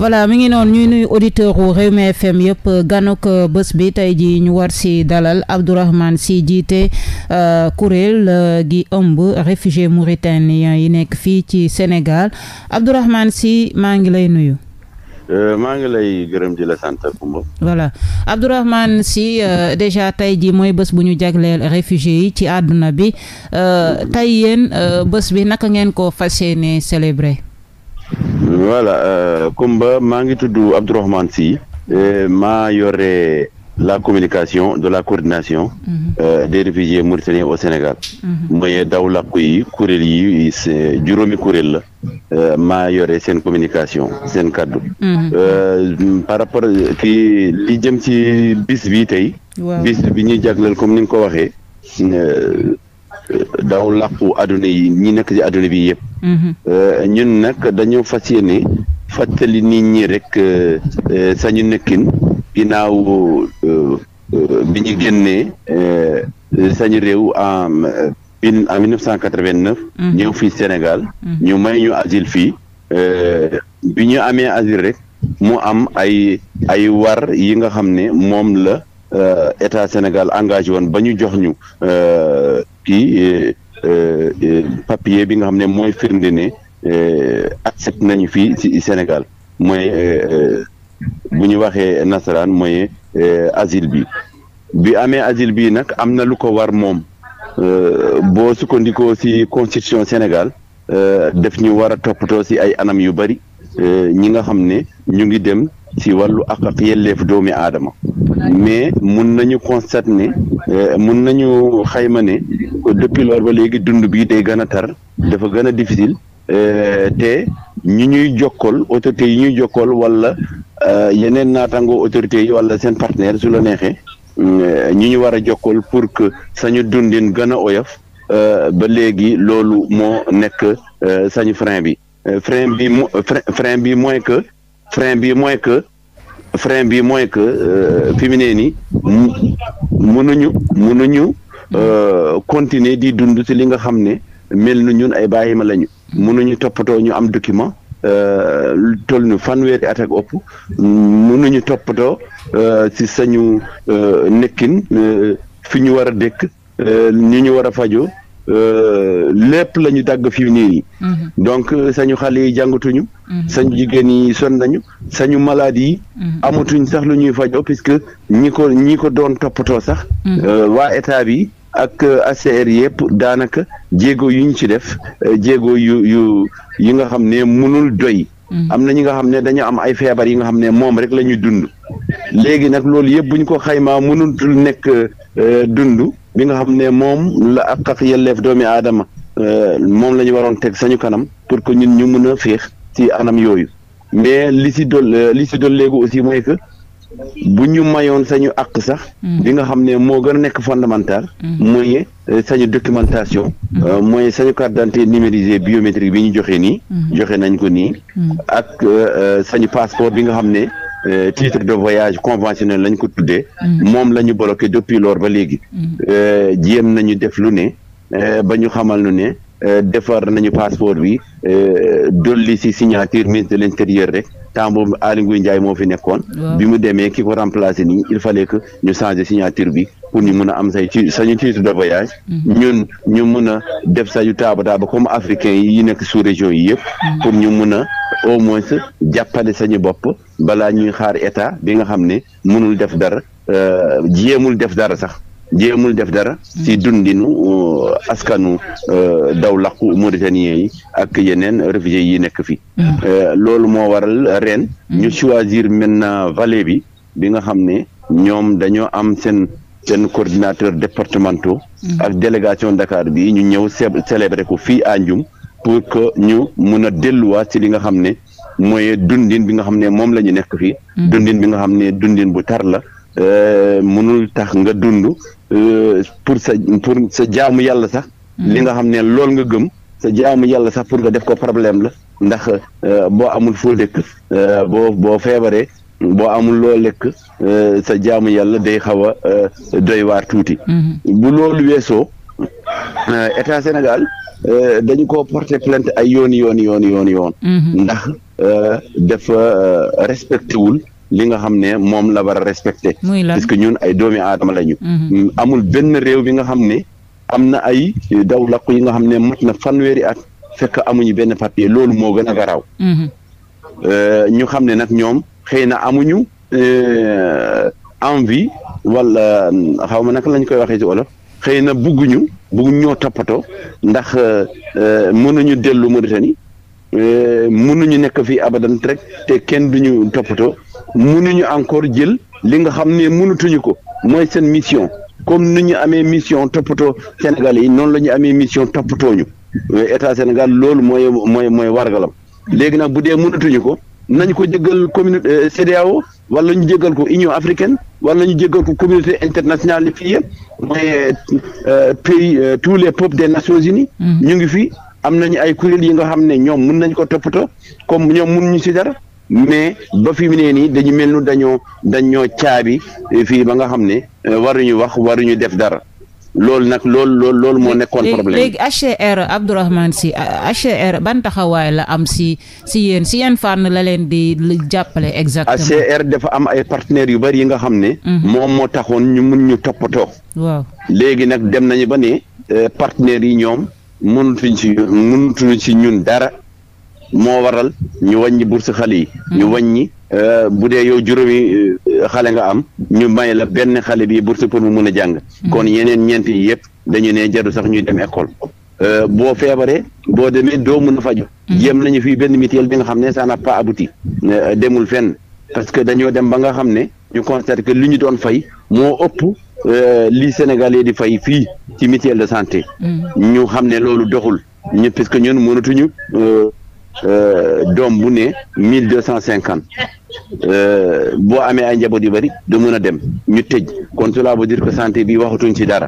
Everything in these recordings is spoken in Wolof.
voilà mi ngi noonu ñuy nuyu auditeurs u Rewmi FM yëpp ganok euh, bës bi tey ji ñu war si dalal Abdourahmane si jiite euh, kuréel euh, gi ëmb réfugié mauritanien yi nekk fii ci Sénégal Abdourahmane si maa ngi lay nuyu maa ngi lay gërëm di la sant Koumba. voilà Abdourahmane Sy déjà tey jii mooy bës bu ñu jagleel réfugié yi ci àdduna bi tey yéen bës bi naka ngeen ko fas yéene célébrer. voilà euh, Kumba maa ngi tudd Abdourahmane Sy euh, ma yore la communication de la coordination mhm. euh, des réfugiés mauritaniens au Sénégal mhm. mooy daw làkku yi kuréel yi juróomi kuréel la ma yore seen communication seen kàddu mhm. par rapport ki li jëm ci biss bi tey bis bi ñuy jagleel comme ni nga ko waxee daw làqu àdduna yi ñu nekk ci àdduna bi yëpp. Mhm. Euh, nag dañoo fas yéene fàttali nit ñi rek euh, euh, sañu nekkin ginnaaw bi ñu génnee sañu réew en en mhm. ñëw fii Sénégal. Mhm. ñu may ñu asile fii bi ñu amee asile rek mu am ay ay war yi nga xam ne moom la état Sénégal engagé woon ba ñu jox ñu. kii eh, eh, eh, papier bi nga xam ne mooy firnde ne accepté nañu fii ci Sénégal mooy bu ñu waxee nasaraan mooy asile bi bi amee asile bi nag am na lu ko war moom boo sukkandikoo ci constitution Sénégal def ñu war a toppatoo ci ay anam yu bari ñi nga xam ne ñu ngi dem ci wàllu ak ak yelleef doomi aadama mais mun nañu constate ne euh, mun nañu xayma ne depuis lors ba léegi dund bi day gën a tar dafa gën a difficile euh, te ñi ñuy jokkool autorités yi ñuy jokkool wala euh, yeneen naataangoo autorités yi wala seen partenaire su la neexee ñi ñu war a jokkool pour que sañu dundin gën a oyof ba léegi loolu moo nekk sañu frein bi frein bi frein bi mooy que frein bi mooy que frein bi mooy que euh, fi mu ne nii mënuñu mënuñu euh, continuer di dund ci li nga xam ne mel na ñun ay bàyyi lañu lañu mënuñu toppatoo ñu am document euh, toll ñu fanweeri at ak ëpp mënuñu toppatoo ci sañu nekkin fi ñu war a dëkk ni ñu war a fajoo Euh, lépp lañu ñu dagg fii nii. Mhm. donc euh, sañu xale yi jàngatuñu. Mhm. sañu jigéen yi sonn nañu. sañu maladie yi. Mhm. amatuñ sax lu ñuy fajoo puisque ñi ko ñi ko doon toppatoo sax. Euh, waa état bi. ak ACR yëpp daanaka jéego yu ñu ci def jéego yu yu yi nga xam ne mënul doy. am na ñi nga xam ne dañu am ay feebar yi nga xam ne moom rek lañu dund. léegi nag loolu yëpp bu ñu ko xaymaa mënul nekk dund bi nga xam ne moom la ak ak yelleef doomi aadama euh, moom la ñu waroon teg sañu kanam pour que ñun ñu mën a féex ci anam yooyu mais li si dol euh, li si dol léegi aussi mooy que bu ñu mayoon sañu àq sax mm. bi nga xam ne moo gën a nekk fondamental mm. mooy euh, sañu documentation mm. mooy sañu carte d'identité numérisée biométrique bi ñu joxe nii joxe nañ ko nii ak sañu passeport bi nga xam ne Euh, titre de voyage conventionnel lañ ko tuddee. Mm. moom la ñu bloqué depuis lors ba léegi. Mm. Euh, jéem nañu def lu ne euh, ba ñu xamal nu ne. defar nañu passeport bi dolli ci signature ministre de l'intérieur rek temps boobu Aly Ngouille Ndiaye moo fi nekkoon. bi mu demee ki ko remplacer nii il fallait que ñu changer signature bi pour ñu mën a am say ci sañu titre de voyage mhm. ñun ñu mun a def sañu taaba taaba comme africain yi nekk sous région yi yëpp mhm. pour ñu mun a au moins jàppale sañu bopp balaa ñuy xaar état bi nga xam ne mënul def dara euh, jéemul def dara sax jéemul def dara mhm. ci dundinu euh, askanu euh, daw làqu mauritanien yi ak yeneen réfugiés yi nekk fi loolu moo waral ren ñu choisir maintenant vallée bi bi nga xam ne ñoom dañoo am seen seen coordinateur départementaux mm-hmm. ak délégation Dakar bi ñu ñëw célébrer ko fii à Ndioum pour que ñu mun a delluwaat ci li nga xam ne mooy dundin bi nga xam ne moom la ñu nekk fii mm-hmm. dundin bi nga xam ne dundin bu tar la euh, mënul tax nga dund euh, pour sa pour sa jaamu yàlla sax mm-hmm. li nga xam ne lool nga gëm sa jaamu yàlla sax pour nga def ko problème la ndax euh, boo amul foo dëkk boo boo feebaree bo amul loo lekk euh, sa jaamu yàlla day xaw a euh, doy waar tuuti. Mhm. bu loolu weesoo euh, état Sénégal dañu ko porter plainte ay yoon yoon yoon yoon yoon. ndax dafa respecté wul. li nga xam ne moom la war a respecté parce que ñun ay doomi aadama lañu mhm. mm, amul benn réew bi nga xam ne am na ay daw lakk yi nga xam ne mat na fanweeri at fekk amuñu benn papier loolu moo gën a garaaw mhm. Euh, ñu xam ne nag ñoom xëy na amuñu euh, envie wala xaw ma naka lañ koy waxee ci wolof xëy na bugguñu bugguñ ñoo toppatoo ndax euh, mënuñu dellu Mauritanie mënuñu nekk fii abadan rek te kenn duñu toppatoo mënuñu encore jël li nga xam ne mënutuñu ko mooy seen mission comme ni ñu amee mission toppatoo Sénégal yi noonu la ñu amee mission toppatoo ñu état Sénégal loolu mooy mooy mooy wargalam léegi nag bu dee mënatuñu ko nañ ko jéggal communauté euh, CEDEAO wala ñu jéggal ko Union africaine wala ñu jéggal ko communauté internationale fii yëpp mooy euh, euh, pays tous les peuples de Nations Unies. Mm-hmm. ñu ngi fii am nañu ay kuréel yi nga xam ne ñoom mun nañ ko toppatoo comme ñoom mënuñu si dara. mais ba fi mu ne nii dañu mel nu dañoo dañoo caabi fii ba nga xam ne waruñu wax waruñu def dara loolu nag loolu lool loolu moo nekkoon problème léegi HCR Abdourahmane Sy HCR ban bantaxawaay la am si si yéen si yéen fànn la leen di jàppale exactement HCR dafa am ay partenaires yu bari yi nga xam ne mhm. moom moo taxoon ñu mun ñu toppatoo léegi nag dem nañu ba ne euh, partenaires yi ñoom mënutuñ si mënutuñ si ñun dara moo waral ñu wàññi bourse xale yi mhm. ñu wàññi euh, bu dee yow juróomi euh, xale nga am ñu may la benn xale bi bourse pour mu mun a jàng hmm. kon yeneen ñeent yi yëpp dañu ne jaru sax ñuy dem école euh, boo feebaree boo demee doo mun a faju jéem hmm. nañu fii benn mutuelle bi nga xam ne ça n'a pas abouti euh, demul fen parce que dañoo dem ba nga xam ne ñu constate que li ñu doon fay moo ëpp euh, li sénégal Sénégalais di fay fii ci mutuelle de santé hmm. ñu xam ne loolu doxul ñu parce que ñun mënatuñu doom bu ne mille deux cent cinquante Euh, boo amee ay njaboot yu bari du mën a dem ñu tëj kon cela veut dire que santé bi waxatuñ si dara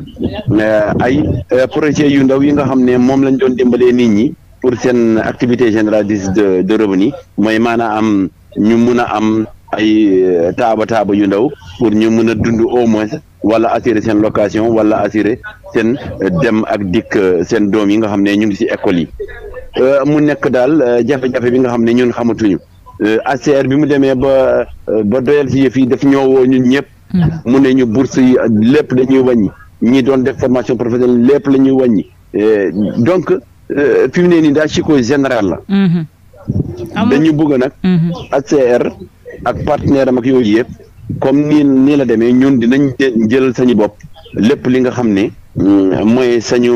mais euh, ay euh, projet yu ndaw yi nga xam ne moom lañ doon dimbalee nit ñi pour seen activité généralice de de revenu mooy maanaam ñu mun a am ay taaba taaba yu ndaw pour ñu mun a dund au moins wala assurer seen location wala assurer seen dem ak dikk seen doom yi nga xam ne ñu ngi ci école yi mu nekk daal jafe-jafe bi nga xam ne ñun xamatuñu. Euh, ACR bi mu demee ba euh, ba doyal ci yëf yi daf ñoo woo ñun ñëpp. mu ne ñu bourse yi lépp dañuy wàññi ñi doon def formation professionnelle lépp la ñuy euh, donc fi ne nii daal ci ko général la. Mm-hmm. dañu bëgg nag. Mm-hmm. ACR ak partenaire am ak yooyu yëpp comme nii nii la demee ñun dinañ jëlal sañu bopp lépp li nga xam ne mm, mooy sañu.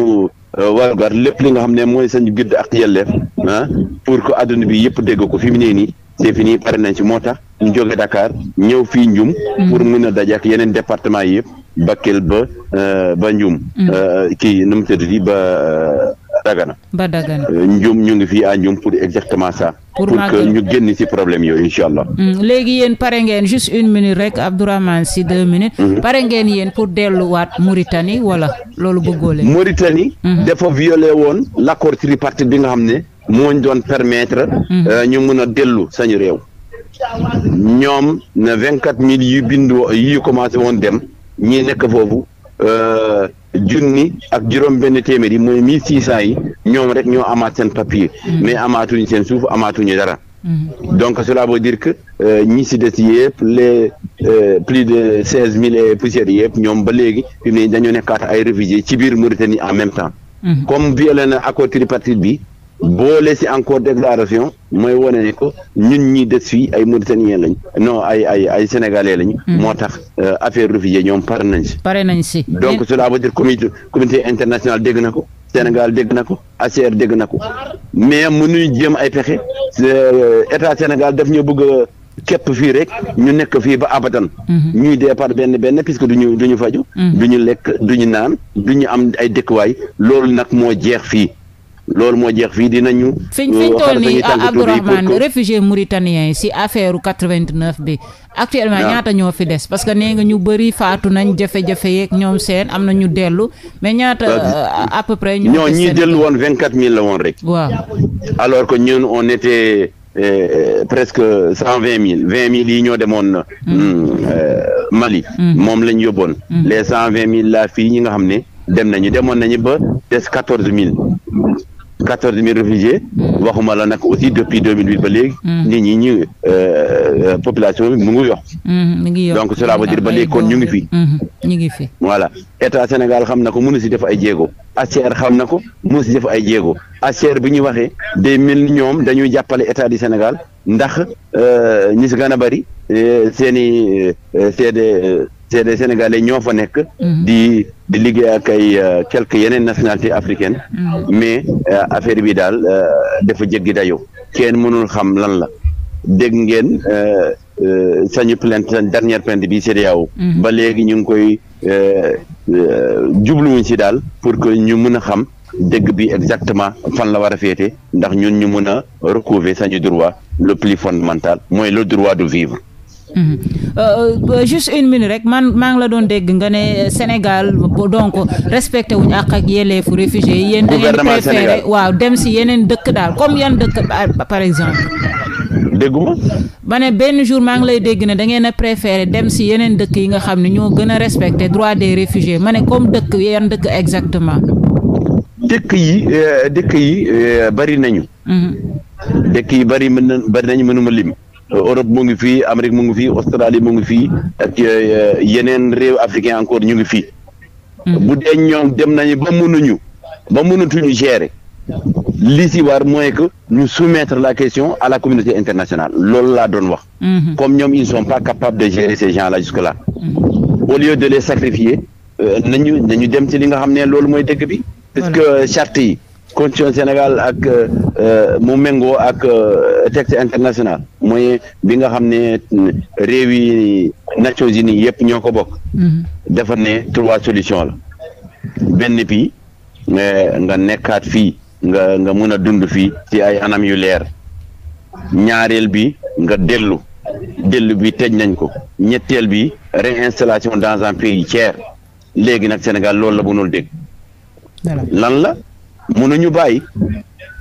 warugar lépp li nga xam ne mooy sañ gidd ak yelleef ah, pour que àdduna bi yëpp dégg ko fi mu ne nii c'est fini pare nañ ci moo tax ñu jóge Dakar ñëw fii Ndioum mm. pour mun a daje ak yeneen département yi yëpp Bakel ba euh, ba Ndioum mm. euh, kii nu mu tëddati ba euh, Dagana ba Dagana ñu ngi fii à Ndioum pour exactement ça pour que ñu génn si problème yooyu incha allah mm. léegi yéen pare ngeen juste une minute rek Abdourahmane si deux minutes mm-hmm. pare ngeen yéen pour delluwaat Mauritanie wala loolu bëggoo leen Mauritanie mm-hmm. dafa violé woon l'accord tripartite bi nga xam ne ñu doon permettre. Mhm. Euh, ñu mën a dellu sañu réew. ñoom ne vingt quatre mille yu bindoo yi commencé woon dem ñi nekk foofu euh, junni ak juróom-benn téeméer yi mooy mille six yi ñoom rek ñoo amaat seen papier. Mhm. mais amaatuñ seen suuf amaatuñu dara. Mhm. donc cela veut dire que euh, ñi si des yëpp les plus de seize mille et poussières yëpp ñoom ba léegi fi mu ne dañoo nekkaat ay réfugiés ci biir Mauritanie en même temps. comme violé accord tripartite bi. boole si encore déclaration mooy wane ne ko ñun ñi des fii ay Mauritaniens lañ non ay ay ay Sénégalais lañ. Mm-hmm. moo tax euh, affaire réfugié ñoom pare nañ si. pare nañ si donc cela veut dire comité comité international dégg na ko Sénégal dégg na ko ACR dégg na ko mais mënuñ jéem ay pexe euh, état Sénégal daf ñu bëgg a fii rek ñu nekk fii ba abadan mm-hmm. ñuy départ benn benn puisque du ñu du ñu faju mm-hmm. du ñu lekk du ñu naan du ñu am ay dëkkuwaay loolu nag moo jeex fii. loolu moo jeex fii dinañu. fiñ fiñ euh, toll nii Abdourahmane réfugié mauritanien yi si affaire 89 bi. actuellement ñaata ñoo fi des parce que nee nga ñu bëri faatu nañ jafe-jafe yeeg ñoom seen am na ñu dellu mais ñaata euh, euh, à peu près. ñoo ñi dellu woon 24000 la woon rek. waaw alors que ñun on était. presque cent vingt mille vingt mille yi ñoo demoon mm-hmm. Mali mm-hmm. moom lañu yoboon mm-hmm. les cent vingt mille la fii ñi nga xam ne dem nañu demoon nañu ba des quatorze mille quatorze mille réfugiés hmm. waxuma la nag aussi depuis deux mille huit ba léegi hmm. nit ñi ñi euh, euh, population bi mu ngi yokk hmm, donc cela veut dire ba léegi kon ñu ngi fi ñu ngi fi voilà état Sénégal xam na ko mënu si def ay jéego HCR xam na ko mënu si def ay jéego HCR bi ñu waxee day mel ñoom dañuy jàppale état du Sénégal ndax euh, ñi si gën a bari seeni seede c'est des ñoo fa nekk. Mhm. di di liggéey ak ay euh, quelques yeneen nationalité africaine mhm. mais euh, affaire bi daal euh, dafa jéggi dayo kenn mënul xam lan la dégg ngeen sañu plainte dernière plainte bi CEDEAO mhm. ba léegi ñu ngi koy jubluwuñ si daal pour que ñu mën a xam dégg bi exactement fan la war a féete ndax ñun ñu mën a recouvrer sañu droit le plus fondamental mooy le droit de vivre. Euh, euh, euh, juste une minute rek man maa ngi la doon dégg nga ne Sénégal donc respecté wu àq ak yelleefu réfugiés yi yéen da ngeen préféré waaw dem si yeneen dëkk daal comme yan dëkk par exemple dégguma ma ne benn jour maa ngi lay dégg ne da ngeen a préféré dem si yeneen dëkk yi nga xam ne ñoo gën a respecté droit de réfugiés ma ne comme dëkk yan dëkk exactement dëkk yi dëkk yi bari nañu mm-hmm. dëkk yi bari mën na bari nañu ma lim Europe mu ngi fii Amérique mu ngi fii Australie mu ngi fii ak euh, yeneen réew africain encore ñu ngi fii hmm. bu dee ñoom dem nañu ba mënuñu ba mënatuñu gérer li si war mooy que ñu soumettre la question à la communauté internationale loolu laa doon wax hmm. comme ñoom ils sont pas capables de gérer ces gens là jusque là hmm. au lieu de les sacrifier euh, nañu dem ci li nga xam ne loolu mooy dëkk bi parce que charte yi Sénégal ak euh, mu méngoo ak texte international mooy bi nga xam ne euh, réew yi Nations Unies yëpp ñoo ko bokk. Mhm. dafa ne trois solutions la benn bi nga nekkaat fii nga nga mën a dund fii ci ay anam yu leer ñaareel bi nga dellu dellu bi tëj nañ ko ñetteel bi réinstallation dans un pays tiers léegi nag Sénégal loolu la mënul dégg. lan la mënuñu bàyyi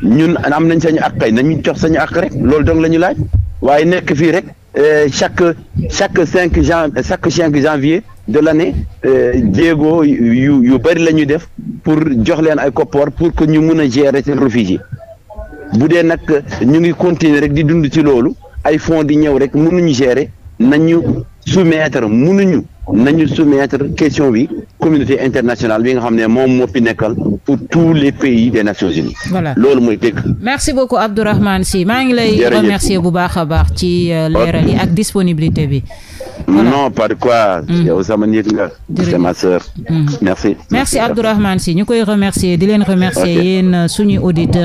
ñun am nañ sañu àq kay nañu jox sañu àq rek loolu dong la laaj. waaye nekk fii rek euh, chaque chaque cinq jan chaque cinq janvier de l' année euh, jéego yu yu bëri la ñuy def pour jox leen ay koppoor pour que ñu mun a gérer seen réfugié bu dee nag ñu ngi continuer rek di dund ci loolu ay fonds di ñëw rek mënuñu gérer nañu soumettre mënuñu nañu soumettre question bi communauté internationale bi nga xam ne moom moo fi nekkal pour tous les pays des Nations Unies. voilà loolu mooy dëgg. merci beaucoup Abdourahmane Sy maa ngi lay remercier bu baax a baax ci euh, leeral yi ak disponibilité bi. Voilà. non par quoi. Mm. yow sama nit nga. c'est ma sœur. Mm. merci. merci Abdourahmane ñu koy remercier di leen remercier yéen euh, suñu auditeurs.